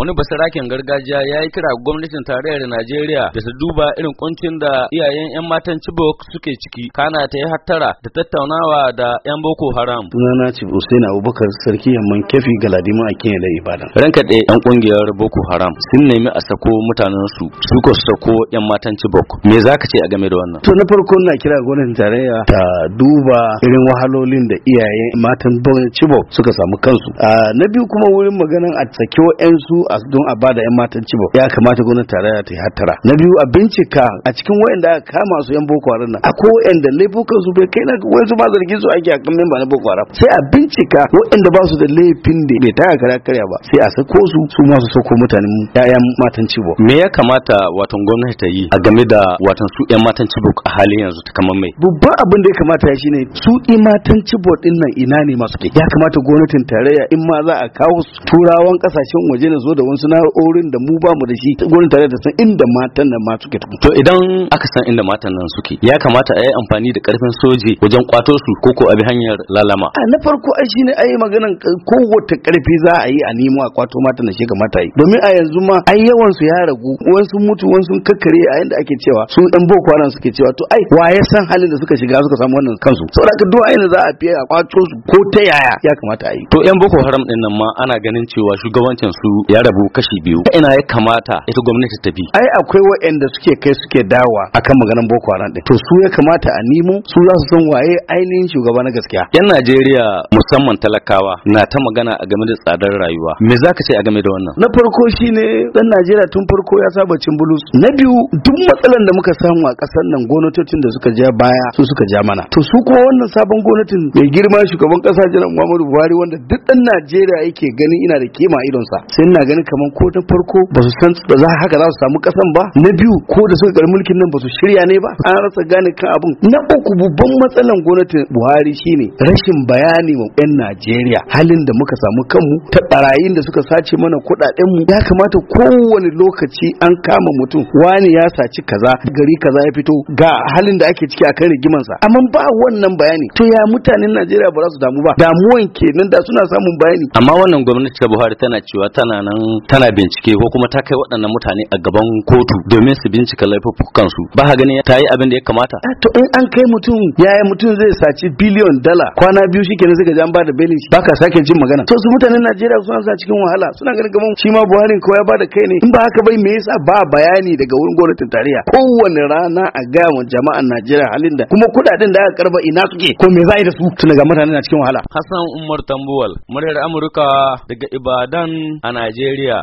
wani basaraken gargajiya ya yi kira gwamnatin tarayyar Najeriya da su duba irin kuncin da iyayen 'yan matan Chibok suke ciki kana ta yi hattara da tattaunawa da 'yan Boko Haram. Sunana Chief Hussein Abubakar Sarki Yamman Kefi Galadima a Kenya da Ibadan. Ranka ɗaya 'yan ƙungiyar Boko Haram sun nemi a sako mutanen su su ko su sako 'yan matan Chibok. Me za ka ce a game da wannan? To na farko na kira gwamnatin tarayya ta duba irin wahalolin da iyayen matan Chibok suka samu kansu. Ah, na biyu kuma wurin maganan a saki su. don a bada yan matan cibo ya kamata gwamnatin tarayya ta yi hattara na biyu a bincika a cikin wayanda aka kama su yan Boko Haram nan akwai wayanda laifukan su bai kai na wasu ma zargin su ake akan memba na Boko Haram sai a bincika bincika waɗanda ba su da laifin da bai taya kara karya ba sai a sako su su ma su sako mutanen ƴaƴan matan cibo me ya kamata watan gwamnati ta yi a game da watan su ƴan matan cibo a halin yanzu ta kamar mai babban abin da ya kamata ya shine su ɗin matan cibo din nan ina ne masu ke ya kamata gwamnatin tarayya in ma za a kawo turawan kasashen waje na zo da wasu na'urorin da mu ba mu da shi gwamnatin tarayya da san inda matan nan ma suke to idan aka san inda matan nan suke ya kamata a yi amfani da karfin soji wajen kwato su ko ko a bi hanyar lalama a na farko ai shine ai maganan kowace karfi za a yi a nemo a kwato mata na shiga mata yi domin a yanzu ma ai yawan su ya ragu wani sun mutu wani sun kakkare a yanda ake cewa su dan boko haram suke cewa to ai waye san halin da suka shiga suka samu wannan kansu saboda ka duk ayin za a fiye a kwato su ko ta yaya ya kamata a yi to yan boko haram din nan ma ana ganin cewa shugabancin su ya rabu kashi biyu ina ya kamata ita gwamnati ta bi ai akwai waɗanda suke kai suke dawa akan maganan boko haram din to su ya kamata a nemo su za su san waye ainihin shugaba na gaskiya yan Najeriya musamman talakawa na ta magana a game da tsadar rayuwa me za ka ce a game da wannan na farko shine dan Najeriya tun farko ya saba cin bulus na biyu duk matsalan da muka samu a kasar nan gwamnatocin da suka ja baya su suka ja mana to su kuma wannan sabon gwamnatin mai girma shugaban kasa jiran Muhammadu Buhari wanda duk dan Najeriya yake ganin ina da kima idon sa sai ina ganin kamar ko na farko ba su san ba za haka za su samu kasan ba na biyu ko da suka karbi mulkin nan ba su shirya ne ba an rasa gane kan abin na uku babban matsalan gwamnatin Buhari shine rashin bayani ma 'yan Najeriya halin da muka samu kanmu ta barayin da suka sace mana kuɗaɗenmu ya kamata kowane lokaci an kama mutum wani ya saci kaza gari kaza ya fito ga halin da ake ciki akan sa amma ba wannan bayani to ya mutanen Najeriya ba za su damu ba damuwan kenan da suna samun bayani amma wannan gwamnati ta Buhari tana cewa tana nan tana bincike ko kuma ta kai waɗannan mutane a gaban kotu domin su bincika laifukan su ba ha ganin ta yi abin da ya kamata to in an kai mutum yaya mutum zai saci biliyon dala kwana biyu shikenan sai ga an da belin shi baka sake jin magana to su mutanen Najeriya suna sa cikin wahala suna ganin gaban shi ma Buhari ko ya da kai ne in ba haka bai me yasa ba bayani daga wurin gwamnatin tarayya kowanne rana a ga wa jama'an Najeriya halin da kuma kudaden da aka karba ina suke ko me za a yi da su tun ga mutanen na cikin wahala Hassan Umar Tambuwal muryar Amurka daga Ibadan a Najeriya